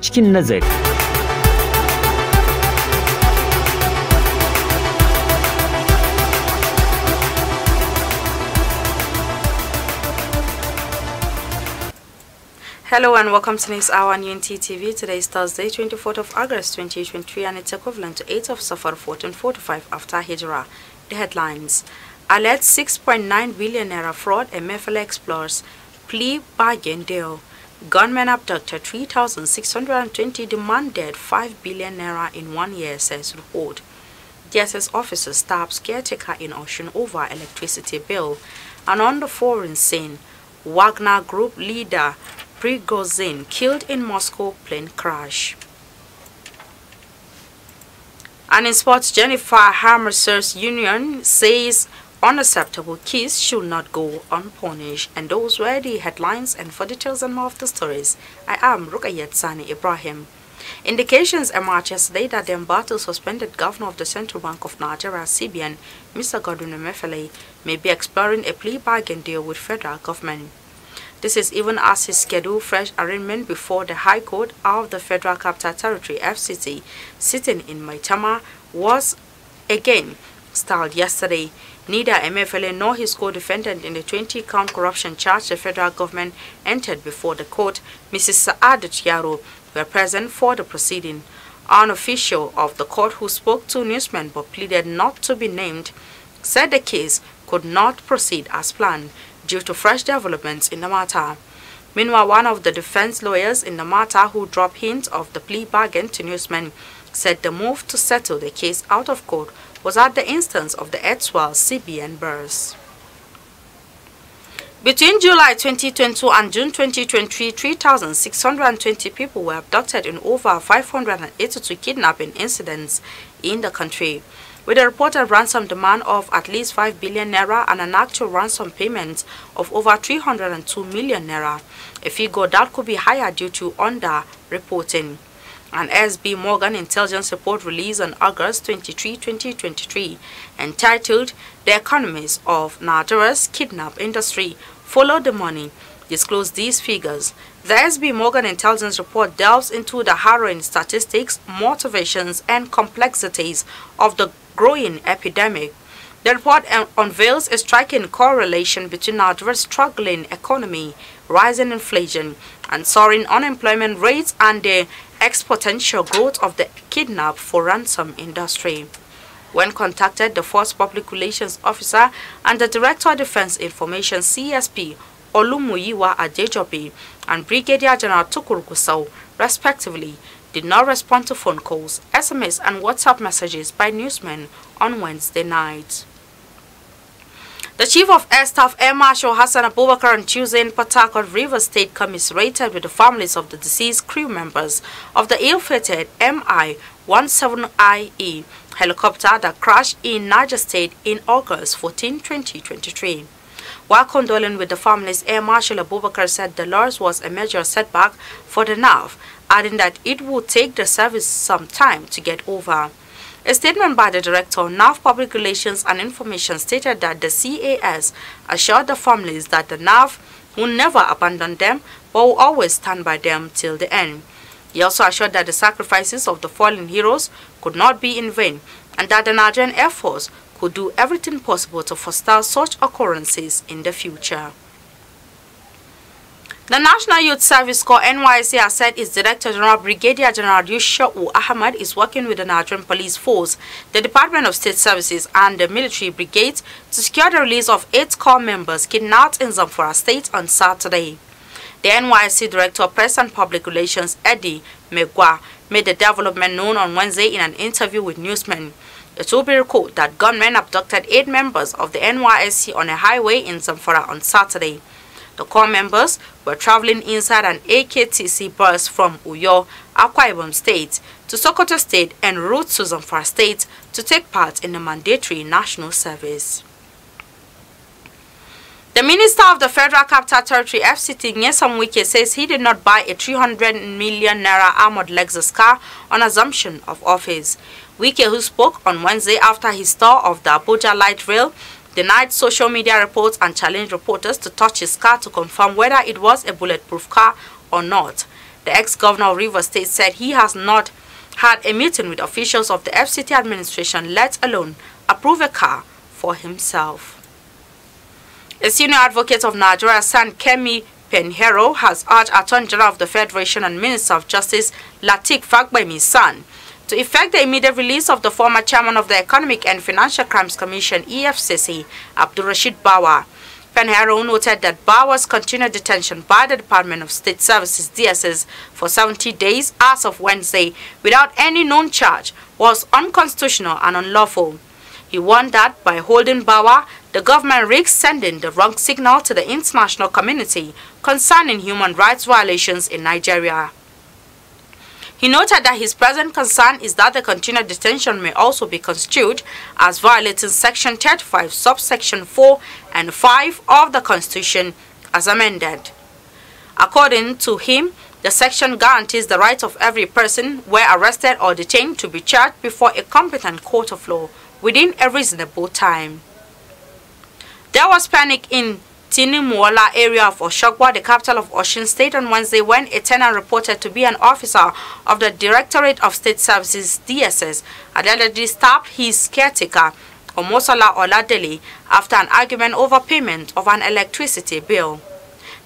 cikin nazari Hello and welcome to next hour on UNT TV. Today is Thursday, 24th of August 2023 and it's equivalent to eight of Safar 1445 after Hijra. The headlines. Alleged 6.9 billion naira fraud, Mefele explores plea bargain deal. Gunmen abducted 3,620 demanded 5 billion naira in one year, says report. DSS officer stabs caretaker in Ocean over electricity bill. And on the foreign scene, Wagner group leader Prigozhin killed in Moscow plane crash. And in sports, Jennifer Hammer Union says Unacceptable kiss should not go unpunished, and those were the headlines and for details and more of the stories, I am Rukayat Sani Ibrahim. Indications emerged yesterday that the embattled suspended governor of the Central Bank of Nigeria, CBN, Mr. Godwin Mefele, may be exploring a plea bargain deal with federal government. This is even as his scheduled fresh arraignment before the High Court of the Federal Capital Territory, FCT, sitting in Maitama, was again stalled yesterday. Neither MFLA nor his co-defendant in the 20-count corruption charge the federal government entered before the court, Mrs. Saadat Yaro, were present for the proceeding. An official of the court who spoke to newsmen but pleaded not to be named said the case could not proceed as planned due to fresh developments in the matter. Meanwhile, one of the defense lawyers in the matter who dropped hints of the plea bargain to newsmen said the move to settle the case out of court was at the instance of the Etoile CBN Burse. Between July 2022 and June 2023, 3,620 people were abducted in over 582 kidnapping incidents in the country, with a reported ransom demand of at least 5 billion naira and an actual ransom payment of over 302 million naira, a figure that could be higher due to under-reporting. An SB Morgan intelligence report released on August 23, 2023, entitled The Economies of Nigeria's Kidnap Industry Follow the Money, disclosed these figures. The SB Morgan intelligence report delves into the harrowing statistics, motivations, and complexities of the growing epidemic. The report uh, unveils a striking correlation between Nigeria's struggling economy, rising inflation, and soaring unemployment rates and the ex-potential growth of the kidnap for ransom industry. When contacted, the force public relations officer and the director of defense information CSP Olumuyiwa Adejobi and Brigadier General Tukur Gusau, respectively, did not respond to phone calls, SMS and WhatsApp messages by newsmen on Wednesday night. The Chief of Air Staff Air Marshal Hassan Abubakar on Tuesday in Patakot River State commiserated with the families of the deceased crew members of the ill-fated MI-17IE helicopter that crashed in Niger State in August 14, 2023. While condoling with the families, Air Marshal Abubakar said the loss was a major setback for the NAV, adding that it will take the service some time to get over. A statement by the Director of NAV Public Relations and Information stated that the CAS assured the families that the NAV will never abandon them but will always stand by them till the end. He also assured that the sacrifices of the fallen heroes could not be in vain and that the Nigerian Air Force could do everything possible to foster such occurrences in the future. The National Youth Service Corps NYC has said its Director General Brigadier General Yusha'u Ahmad is working with the Nigerian Police Force, the Department of State Services and the military brigade to secure the release of eight corps members kidnapped in Zamfara State on Saturday. The NYC Director of Press and Public Relations Eddie Megua, made the development known on Wednesday in an interview with newsmen. It will be recalled that gunmen abducted eight members of the NYSC on a highway in Zamfara on Saturday. The core members were traveling inside an AKTC bus from Uyo, Akwa Ibom State to Sokoto State and route to Zamfara State to take part in the mandatory national service. The Minister of the Federal Capital Territory FCT Nyesom Wike says he did not buy a 300 million naira armored Lexus car on assumption of office. Wike, who spoke on Wednesday after his tour of the Abuja Light Rail, denied social media reports and challenged reporters to touch his car to confirm whether it was a bulletproof car or not. The ex-governor of Rivers State said he has not had a meeting with officials of the FCT administration, let alone approve a car for himself. A senior advocate of Nigeria, San Kemi Penhero, has urged Attorney General of the Federation and Minister of Justice, Latik Fagbemi San, to effect the immediate release of the former chairman of the Economic and Financial Crimes Commission, EFCC, Abdul Bawa. Penharo noted that Bawa's continued detention by the Department of State Services DSS for 70 days as of Wednesday without any known charge was unconstitutional and unlawful. He warned that by holding Bawa, the government risks sending the wrong signal to the international community concerning human rights violations in Nigeria. He noted that his present concern is that the continued detention may also be construed as violating Section 35, subsection 4 and 5 of the Constitution as amended. According to him, the section guarantees the right of every person, where arrested or detained, to be charged before a competent court of law within a reasonable time. There was panic in Tinimwala area of Oshogwa, the capital of Osun State, on Wednesday when a tenant reported to be an officer of the Directorate of State Services, DSS, allegedly stabbed his caretaker, Omosola Oladeli, after an argument over payment of an electricity bill.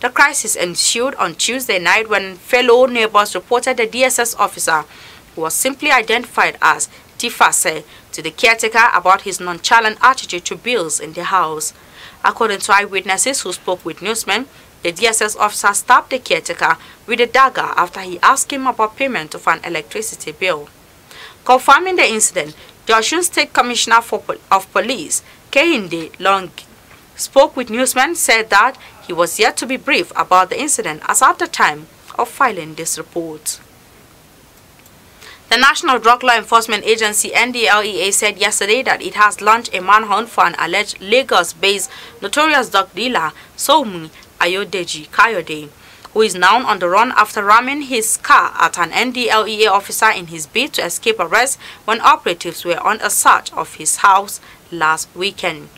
The crisis ensued on Tuesday night when fellow neighbors reported the DSS officer, who was simply identified as Tifase, to the caretaker about his nonchalant attitude to bills in the house. According to eyewitnesses who spoke with newsmen, the DSS officer stabbed the caretaker with a dagger after he asked him about payment of an electricity bill. Confirming the incident, the Osun State Commissioner of Police, Kehinde Long, spoke with newsmen said that he was yet to be briefed about the incident as at the time of filing this report. The National Drug Law Enforcement Agency NDLEA said yesterday that it has launched a manhunt for an alleged Lagos-based notorious drug dealer, Soumi Ayodeji Kayode, who is now on the run after ramming his car at an NDLEA officer in his bid to escape arrest when operatives were on a search of his house last weekend.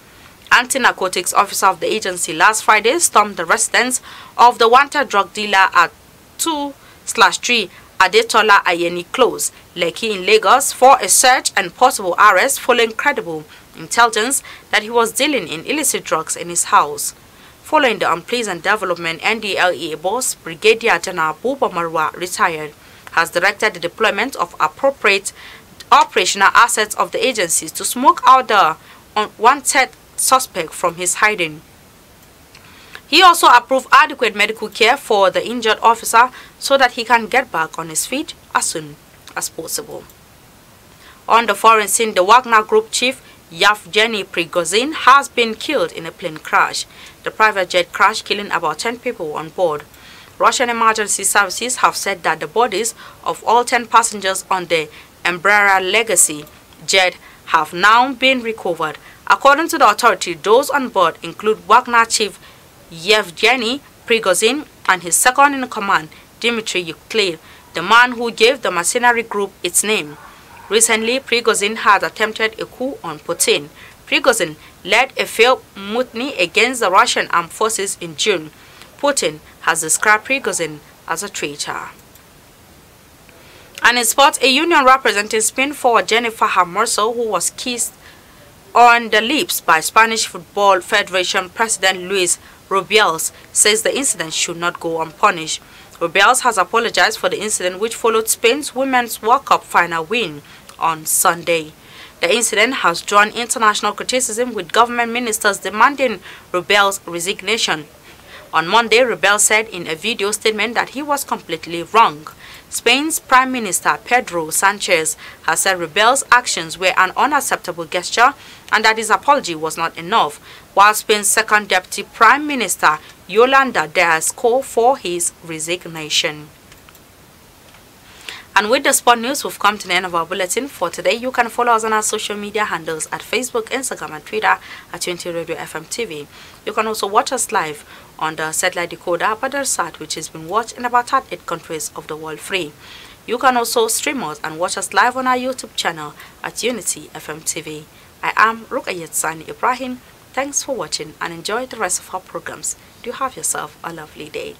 Anti-narcotics officer of the agency last Friday stormed the residence of the wanted drug dealer at 2 slash 3 Adetola Ayeni Close, Lekki in Lagos for a search and possible arrest following credible intelligence that he was dealing in illicit drugs in his house. Following the unpleasant development, NDLEA boss Brigadier General Buba Marwa retired has directed the deployment of appropriate operational assets of the agencies to smoke out the unwanted suspect from his hiding. He also approved adequate medical care for the injured officer so that he can get back on his feet as soon as possible. On the foreign scene, the Wagner Group chief Yevgeny Prigozhin has been killed in a plane crash. The private jet crash killing about 10 people on board. Russian emergency services have said that the bodies of all 10 passengers on the Embraer Legacy jet have now been recovered. According to the authority, those on board include Wagner chief Yevgeny Prigozhin, and his second-in-command, Dmitry Yuklev, the man who gave the mercenary group its name. Recently, Prigozhin had attempted a coup on Putin. Prigozhin led a failed mutiny against the Russian armed forces in June. Putin has described Prigozhin as a traitor. And in sports, a union representing spin forward Jennifer Hermoso, who was kissed on the lips by Spanish Football Federation President Luis Robiels says the incident should not go unpunished. Robiels has apologized for the incident which followed Spain's Women's World Cup final win on Sunday. The incident has drawn international criticism with government ministers demanding Rebel's resignation. On Monday, Rebel said in a video statement that he was completely wrong. Spain's Prime Minister Pedro Sanchez has said rebels' actions were an unacceptable gesture and that his apology was not enough, while Spain's second Deputy Prime Minister Yolanda Diaz called for his resignation. And with the sport news, we've come to the end of our bulletin for today. You can follow us on our social media handles at Facebook, Instagram, and Twitter at 20 Radio FM TV. You can also watch us live on the satellite decoder Badarsat, which has been watched in about 38 countries of the world free. You can also stream us and watch us live on our YouTube channel at Unity FM TV. I am Rukayet Sani Ibrahim. Thanks for watching and enjoy the rest of our programs. Do have yourself a lovely day.